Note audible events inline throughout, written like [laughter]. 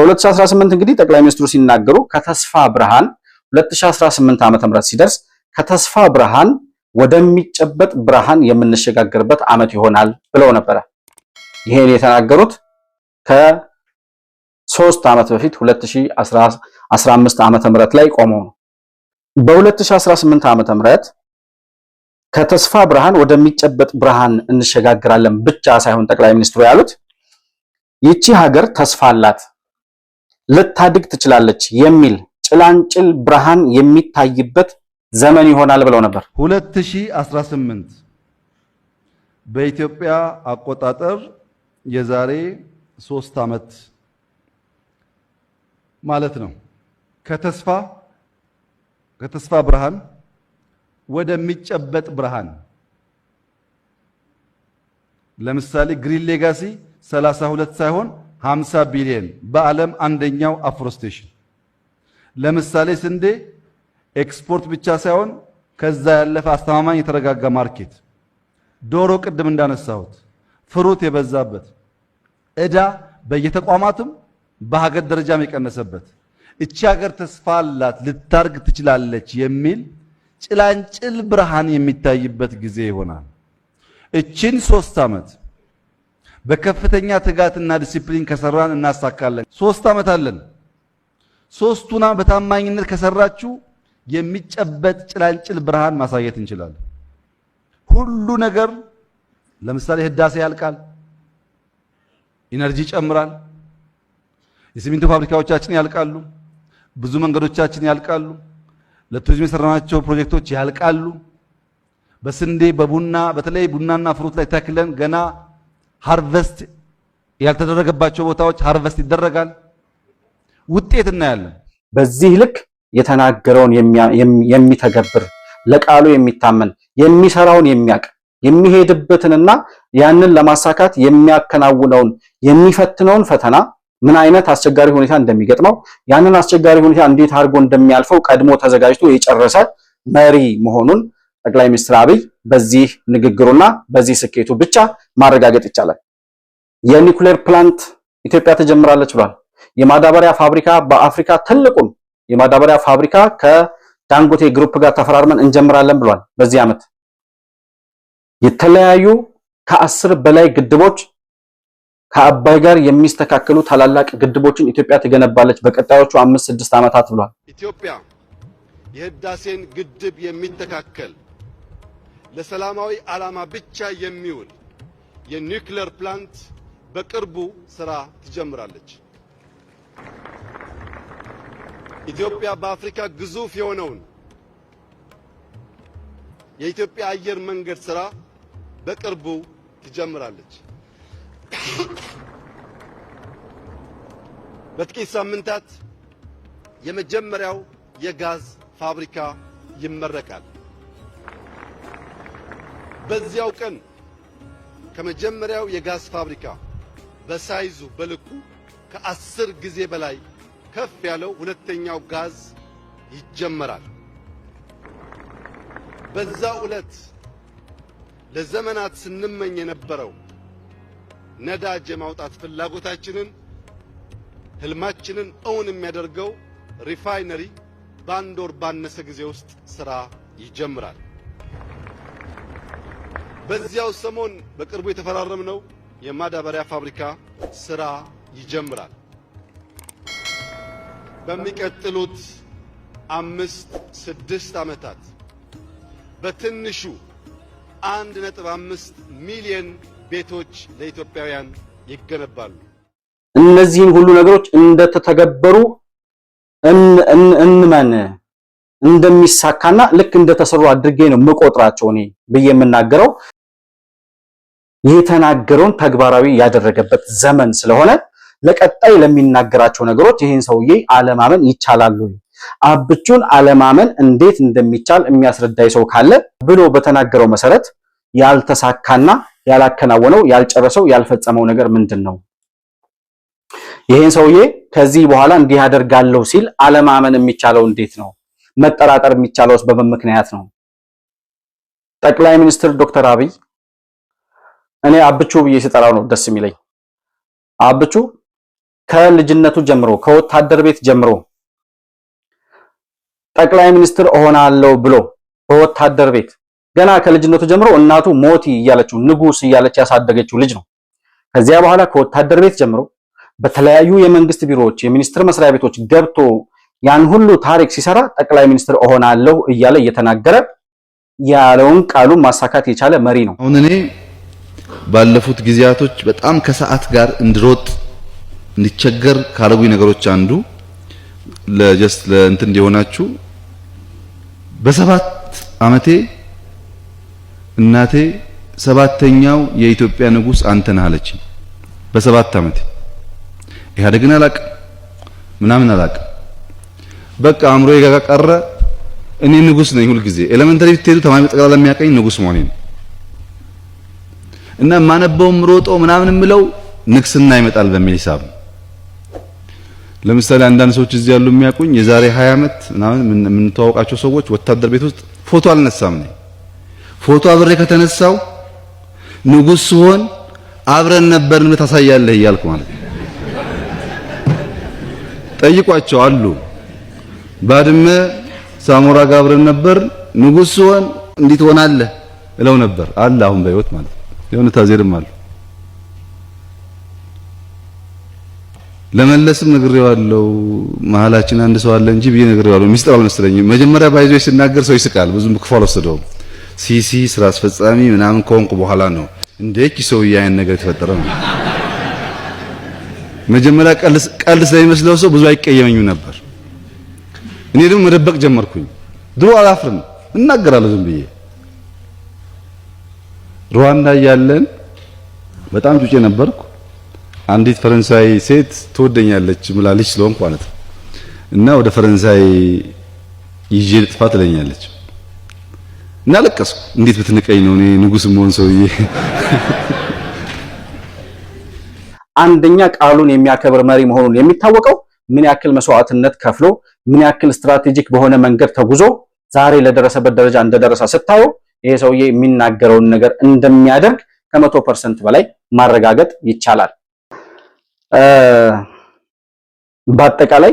በ2018 እንግዲህ ጠቅላይ ሚኒስትሩ ሲናገሩ ከተስፋ ብርሃን 2018 ዓመተ ምህረት ሲደርስ ከተስፋ ብርሃን ወደሚጨበጥ ብርሃን የምንሸጋገርበት ዓመት ይሆናል ብለው ነበረ። ይሄን የተናገሩት ከሶስት ዓመት በፊት 2015 ዓመተ ምህረት ላይ ቆመው ነው። በ2018 ዓመተ ምህረት ከተስፋ ብርሃን ወደሚጨበጥ ብርሃን እንሸጋግራለን ብቻ ሳይሆን ጠቅላይ ሚኒስትሩ ያሉት ይቺ ሀገር ተስፋ አላት ልታድግ ትችላለች የሚል ጭላንጭል ብርሃን የሚታይበት ዘመን ይሆናል ብለው ነበር። 2018 በኢትዮጵያ አቆጣጠር የዛሬ ሶስት ዓመት ማለት ነው። ከተስፋ ከተስፋ ብርሃን ወደሚጨበጥ ብርሃን ለምሳሌ ግሪን ሌጋሲ 32 ሳይሆን 50 ቢሊዮን በዓለም አንደኛው አፍሮስቴሽን። ለምሳሌ ስንዴ ኤክስፖርት ብቻ ሳይሆን ከዛ ያለፈ አስተማማኝ የተረጋጋ ማርኬት፣ ዶሮ ቅድም እንዳነሳሁት ፍሩት የበዛበት እዳ በየተቋማትም በሀገር ደረጃም የቀነሰበት እቺ ሀገር ተስፋ አላት ልታርግ ትችላለች የሚል ጭላንጭል ብርሃን የሚታይበት ጊዜ ይሆናል። እቺን ሶስት ዓመት በከፍተኛ ትጋትና ዲሲፕሊን ከሰራን እናሳካለን። ሶስት ዓመት አለን። ሶስቱና በታማኝነት ከሰራችሁ የሚጨበጥ ጭላንጭል ብርሃን ማሳየት እንችላለን። ሁሉ ነገር ለምሳሌ ህዳሴ ያልቃል፣ ኢነርጂ ይጨምራል። የሲሚንቶ ፋብሪካዎቻችን ያልቃሉ፣ ብዙ መንገዶቻችን ያልቃሉ፣ ለቱሪዝም የሰራናቸው ፕሮጀክቶች ያልቃሉ። በስንዴ በቡና በተለይ ቡናና ፍሩት ላይ ተክለን ገና ሃርቨስት ያልተደረገባቸው ቦታዎች ሃርቨስት ይደረጋል። ውጤት እናያለን። በዚህ ልክ የተናገረውን የሚተገብር ለቃሉ የሚታመን የሚሰራውን የሚያቅ የሚሄድበትንና ያንን ለማሳካት የሚያከናውነውን የሚፈትነውን ፈተና ምን አይነት አስቸጋሪ ሁኔታ እንደሚገጥመው ያንን አስቸጋሪ ሁኔታ እንዴት አድርጎ እንደሚያልፈው ቀድሞ ተዘጋጅቶ የጨረሰ መሪ መሆኑን ጠቅላይ ሚኒስትር አብይ በዚህ ንግግሩና በዚህ ስኬቱ ብቻ ማረጋገጥ ይቻላል። የኒኩሌር ፕላንት ኢትዮጵያ ተጀምራለች ብሏል። የማዳበሪያ ፋብሪካ በአፍሪካ ትልቁን የማዳበሪያ ፋብሪካ ከዳንጎቴ ግሩፕ ጋር ተፈራርመን እንጀምራለን ብሏል። በዚህ ዓመት የተለያዩ ከአስር በላይ ግድቦች ከአባይ ጋር የሚስተካከሉ ታላላቅ ግድቦችን ኢትዮጵያ ትገነባለች በቀጣዮቹ አምስት ስድስት ዓመታት ብሏል። ኢትዮጵያ የህዳሴን ግድብ የሚተካከል ለሰላማዊ ዓላማ ብቻ የሚውል የኒውክሌር ፕላንት በቅርቡ ስራ ትጀምራለች። ኢትዮጵያ በአፍሪካ ግዙፍ የሆነውን የኢትዮጵያ አየር መንገድ ስራ በቅርቡ ትጀምራለች። በጥቂት ሳምንታት የመጀመሪያው የጋዝ ፋብሪካ ይመረቃል። በዚያው ቀን ከመጀመሪያው የጋዝ ፋብሪካ በሳይዙ በልኩ ከአስር ጊዜ በላይ ከፍ ያለው ሁለተኛው ጋዝ ይጀመራል። በዛው ዕለት ለዘመናት ስንመኝ የነበረው ነዳጅ የማውጣት ፍላጎታችንን ህልማችንን እውን የሚያደርገው ሪፋይነሪ በአንድ ወር ባነሰ ጊዜ ውስጥ ሥራ ይጀምራል። በዚያው ሰሞን በቅርቡ የተፈራረምነው የማዳበሪያ ፋብሪካ ስራ ይጀምራል። በሚቀጥሉት አምስት ስድስት ዓመታት በትንሹ አንድ ነጥብ አምስት ሚሊዮን ቤቶች ለኢትዮጵያውያን ይገነባሉ። እነዚህን ሁሉ ነገሮች እንደተተገበሩ እንመን እንደሚሳካና ልክ እንደተሰሩ አድርጌ ነው የምቆጥራቸው እኔ ብዬ የምናገረው። የተናገረውን ተግባራዊ ያደረገበት ዘመን ስለሆነ ለቀጣይ ለሚናገራቸው ነገሮች ይህን ሰውዬ አለማመን ይቻላሉ። አብቹን አለማመን እንዴት እንደሚቻል የሚያስረዳይ ሰው ካለ ብሎ በተናገረው መሰረት ያልተሳካና ያላከናወነው ያልጨረሰው ያልፈጸመው ነገር ምንድን ነው? ይህን ሰውዬ ከዚህ በኋላ እንዲህ አደርጋለሁ ሲል አለማመን የሚቻለው እንዴት ነው? መጠራጠር የሚቻለውስ በምን ምክንያት ነው? ጠቅላይ ሚኒስትር ዶክተር አብይ እኔ አብቹ ብዬ ስጠራው ነው ደስ የሚለኝ። አብቹ ከልጅነቱ ጀምሮ ከወታደር ቤት ጀምሮ ጠቅላይ ሚኒስትር እሆናለሁ ብሎ በወታደር ቤት ገና ከልጅነቱ ጀምሮ እናቱ ሞቲ እያለችው ንጉስ እያለች ያሳደገችው ልጅ ነው። ከዚያ በኋላ ከወታደር ቤት ጀምሮ በተለያዩ የመንግስት ቢሮዎች፣ የሚኒስትር መስሪያ ቤቶች ገብቶ ያን ሁሉ ታሪክ ሲሰራ ጠቅላይ ሚኒስትር እሆናለሁ እያለ እየተናገረ ያለውን ቃሉን ማሳካት የቻለ መሪ ነው። አሁን እኔ ባለፉት ጊዜያቶች በጣም ከሰዓት ጋር እንድሮጥ እንዲቸገር ካረጉኝ ነገሮች አንዱ ለጀስት ለእንትን እንዲሆናችሁ በሰባት አመቴ እናቴ ሰባተኛው የኢትዮጵያ ንጉስ አንተ ነህ አለች። በሰባት አመቴ ኢህአዴግን አላቅም ምናምን አላቅም። በቃ አእምሮ የጋጋ ቀረ። እኔ ንጉስ ነኝ። ሁልጊዜ ኤሌመንተሪ ብትሄዱ ተማሪ ጠቅላላ የሚያቀኝ ንጉስ መሆኔ ነው። እና ማነበውም ሮጦ ምናምን የምለው ንግስና ይመጣል በሚል ሂሳብ ለምሳሌ አንዳንድ ሰዎች እዚህ ያሉ የሚያውቁኝ የዛሬ 20 ዓመት ምናምን የምንተዋወቃቸው ሰዎች ወታደር ቤት ውስጥ ፎቶ አልነሳም ነኝ ፎቶ አብሬ ከተነሳው ንጉስ ሲሆን አብረን ነበርን ታሳያለህ እያልኩ ማለት ነው። ጠይቋቸው አሉ። ባድመ ሳሞራ ጋር አብረን ነበር ንጉስ ሲሆን እንዴት ሆናለህ እለው ነበር አለ አሁን በህይወት ማለት ነው። የሆነ ታዜርም አሉ። ለመለስም ነግሬዋለሁ። መሀላችን አንድ ሰው አለ እንጂ ብዬ ነግሬዋለሁ። ሚስጥር አልመሰለኝም። መጀመሪያ ባይዞ ሲናገር ሰው ይስቃል። ብዙም ክፉ አልወሰደውም። ሲሲ ስራ አስፈጻሚ ምናምን ከሆንኩ በኋላ ነው እንደ እቺ ሰውዬ ነገር የተፈጠረ ነው። መጀመሪያ ቀልድ ስለሚመስለው ሰው ብዙ አይቀየመኝም ነበር። እኔ ደግሞ መደበቅ ጀመርኩኝ። ድሮ አላፍርም፣ እናገራለሁ ዝም ብዬ ሩዋንዳ እያለን በጣም ጩጬ ነበርኩ። አንዲት ፈረንሳይ ሴት ትወደኛለች ምላለች ስለሆንኩ ማለት ነው። እና ወደ ፈረንሳይ ይዤ ልጥፋ ትለኛለች እና ለቀስኩ። እንዴት ብትንቀኝ ነው እኔ ንጉስ መሆን ሰውዬ። [laughs] አንደኛ ቃሉን የሚያከብር መሪ መሆኑን የሚታወቀው ምን ያክል መስዋዕትነት ከፍሎ ምን ያክል ስትራቴጂክ በሆነ መንገድ ተጉዞ ዛሬ ለደረሰበት ደረጃ እንደደረሰ ስታየው ይሄ ሰውዬ የሚናገረውን ነገር እንደሚያደርግ ከመቶ ፐርሰንት በላይ ማረጋገጥ ይቻላል። በአጠቃላይ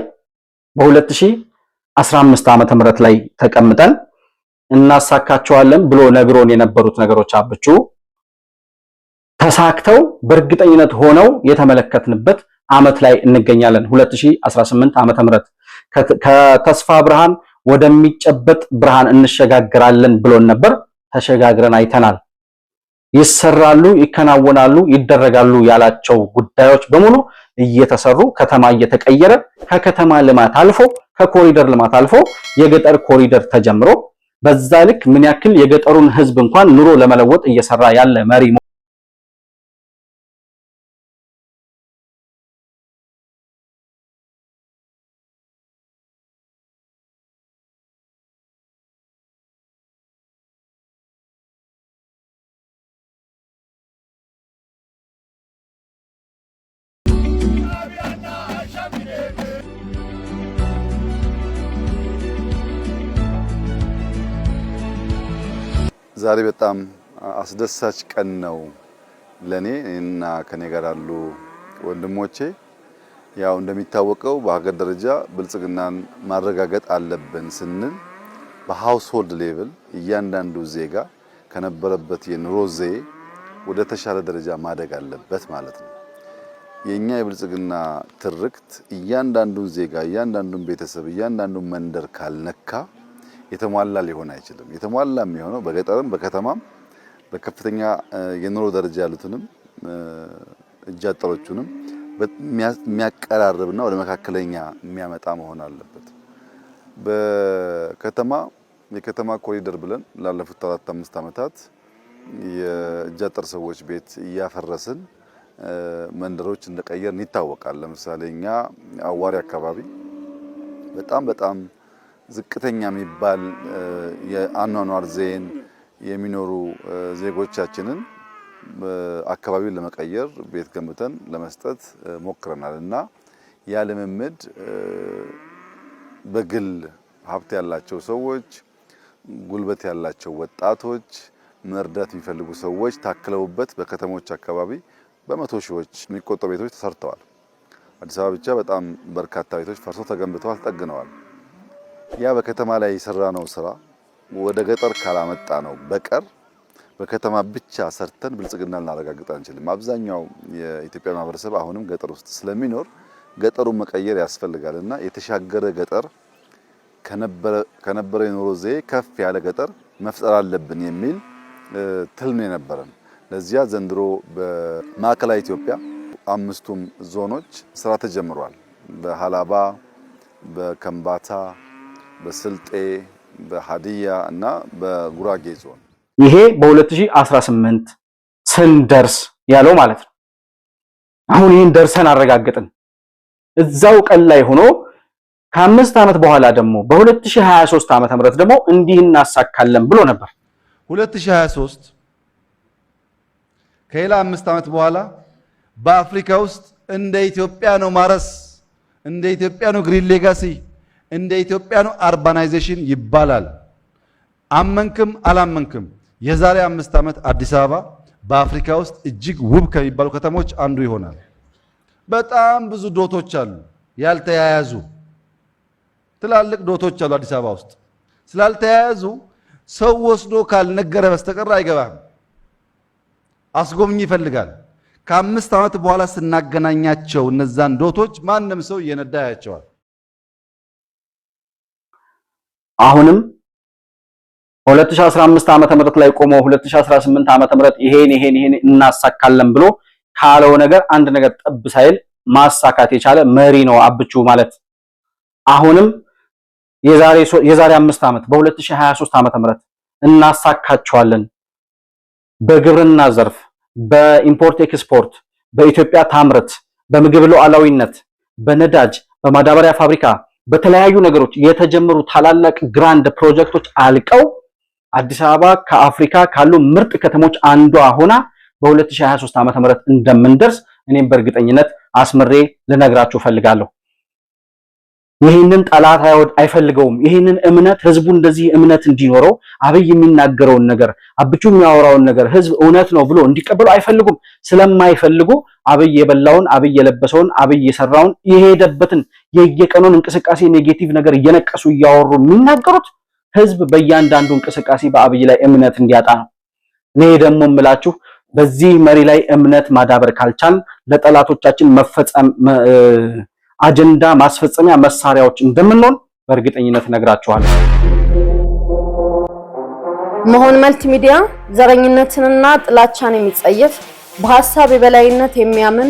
በ2015 ዓመተ ምህረት ላይ ተቀምጠን እናሳካቸዋለን ብሎ ነግሮን የነበሩት ነገሮች አብቹ ተሳክተው በእርግጠኝነት ሆነው የተመለከትንበት አመት ላይ እንገኛለን። 2018 ዓመተ ምህረት ከተስፋ ብርሃን ወደሚጨበጥ ብርሃን እንሸጋግራለን ብሎን ነበር። ተሸጋግረን አይተናል። ይሰራሉ፣ ይከናወናሉ፣ ይደረጋሉ ያላቸው ጉዳዮች በሙሉ እየተሰሩ ከተማ እየተቀየረ ከከተማ ልማት አልፎ ከኮሪደር ልማት አልፎ የገጠር ኮሪደር ተጀምሮ በዛ ልክ ምን ያክል የገጠሩን ሕዝብ እንኳን ኑሮ ለመለወጥ እየሰራ ያለ መሪ ዛሬ በጣም አስደሳች ቀን ነው ለኔ እና ከኔ ጋር ያሉ ወንድሞቼ። ያው እንደሚታወቀው በሀገር ደረጃ ብልጽግናን ማረጋገጥ አለብን ስንል በሃውስሆልድ ሌቭል እያንዳንዱ ዜጋ ከነበረበት የኑሮ ዘዬ ወደ ተሻለ ደረጃ ማደግ አለበት ማለት ነው። የእኛ የብልጽግና ትርክት እያንዳንዱን ዜጋ፣ እያንዳንዱን ቤተሰብ፣ እያንዳንዱን መንደር ካልነካ የተሟላ ሊሆን አይችልም። የተሟላ የሚሆነው በገጠርም በከተማም በከፍተኛ የኑሮ ደረጃ ያሉትንም እጅ አጠሮቹንም የሚያቀራርብና ወደ መካከለኛ የሚያመጣ መሆን አለበት። በከተማ የከተማ ኮሪደር ብለን ላለፉት አራት አምስት ዓመታት የእጅ አጠር ሰዎች ቤት እያፈረስን መንደሮች እንደቀየርን ይታወቃል። ለምሳሌ እኛ አዋሪ አካባቢ በጣም በጣም ዝቅተኛ የሚባል የአኗኗር ዜን የሚኖሩ ዜጎቻችንን አካባቢውን ለመቀየር ቤት ገንብተን ለመስጠት ሞክረናል እና ያ ልምምድ በግል ሀብት ያላቸው ሰዎች፣ ጉልበት ያላቸው ወጣቶች፣ መርዳት የሚፈልጉ ሰዎች ታክለውበት በከተሞች አካባቢ በመቶ ሺዎች የሚቆጠሩ ቤቶች ተሰርተዋል። አዲስ አበባ ብቻ በጣም በርካታ ቤቶች ፈርሶ ተገንብተዋል፣ ተጠግነዋል። ያ በከተማ ላይ የሰራ ነው ስራ ወደ ገጠር ካላመጣ ነው በቀር በከተማ ብቻ ሰርተን ብልጽግና ልናረጋግጥ አንችልም። አብዛኛው የኢትዮጵያ ማህበረሰብ አሁንም ገጠር ውስጥ ስለሚኖር ገጠሩን መቀየር ያስፈልጋል እና የተሻገረ ገጠር ከነበረ የኑሮ ዘዬ ከፍ ያለ ገጠር መፍጠር አለብን የሚል ትልም የነበረን ለዚያ ዘንድሮ በማዕከላዊ ኢትዮጵያ አምስቱም ዞኖች ስራ ተጀምሯል። በሀላባ፣ በከምባታ በስልጤ በሀዲያ እና በጉራጌ ዞን ይሄ በ2018 ስንደርስ ያለው ማለት ነው። አሁን ይህን ደርሰን አረጋግጥን እዛው ቀን ላይ ሆኖ ከአምስት ዓመት በኋላ ደግሞ በ2023 ዓመተ ምህረት ደግሞ እንዲህ እናሳካለን ብሎ ነበር። 2023 ከሌላ አምስት ዓመት በኋላ በአፍሪካ ውስጥ እንደ ኢትዮጵያ ነው ማረስ፣ እንደ ኢትዮጵያ ነው ግሪን ሌጋሲ እንደ ነው አርባናይዜሽን ይባላል። አመንክም አላመንክም የዛሬ አምስት ዓመት አዲስ አበባ በአፍሪካ ውስጥ እጅግ ውብ ከሚባሉ ከተሞች አንዱ ይሆናል። በጣም ብዙ ዶቶች አሉ፣ ያልተያያዙ ትላልቅ ዶቶች አሉ አዲስ አበባ ውስጥ። ስላልተያያዙ ሰው ወስዶ ካልነገረ በስተቀር አይገባም። አስጎብኝ ይፈልጋል። ከአምስት ዓመት በኋላ ስናገናኛቸው እነዛን ዶቶች ማንም ሰው እየነዳ ያያቸዋል። አሁንም 2015 ዓመተ ምህረት ላይ ቆሞ 2018 ዓመተ ምህረት ይሄን ይሄን ይሄን እናሳካለን ብሎ ካለው ነገር አንድ ነገር ጠብ ሳይል ማሳካት የቻለ መሪ ነው አብቹ ማለት። አሁንም የዛሬ የዛሬ 5 ዓመት በ2023 ዓመተ ምህረት እናሳካቸዋለን በግብርና ዘርፍ፣ በኢምፖርት ኤክስፖርት፣ በኢትዮጵያ ታምረት፣ በምግብ ሉዓላዊነት፣ በነዳጅ፣ በማዳበሪያ ፋብሪካ በተለያዩ ነገሮች የተጀመሩ ታላላቅ ግራንድ ፕሮጀክቶች አልቀው አዲስ አበባ ከአፍሪካ ካሉ ምርጥ ከተሞች አንዷ ሆና በ2023 ዓ.ም እንደምንደርስ እኔም በእርግጠኝነት አስምሬ ልነግራችሁ ፈልጋለሁ። ይህንን ጠላት አይፈልገውም። ይህንን እምነት ህዝቡ እንደዚህ እምነት እንዲኖረው አብይ የሚናገረውን ነገር አብቹ የሚያወራውን ነገር ህዝብ እውነት ነው ብሎ እንዲቀበሉ አይፈልጉም። ስለማይፈልጉ አብይ የበላውን አብይ የለበሰውን አብይ የሰራውን የሄደበትን የየቀኑን እንቅስቃሴ ኔጌቲቭ ነገር እየነቀሱ እያወሩ የሚናገሩት ህዝብ በእያንዳንዱ እንቅስቃሴ በአብይ ላይ እምነት እንዲያጣ ነው። እኔ ደግሞ የምላችሁ በዚህ መሪ ላይ እምነት ማዳበር ካልቻል ለጠላቶቻችን መፈጸም አጀንዳ ማስፈጸሚያ መሳሪያዎች እንደምንሆን በእርግጠኝነት እነግራችኋለሁ። መሆን መልቲ ሚዲያ ዘረኝነትንና ጥላቻን የሚጸየፍ በሀሳብ የበላይነት የሚያምን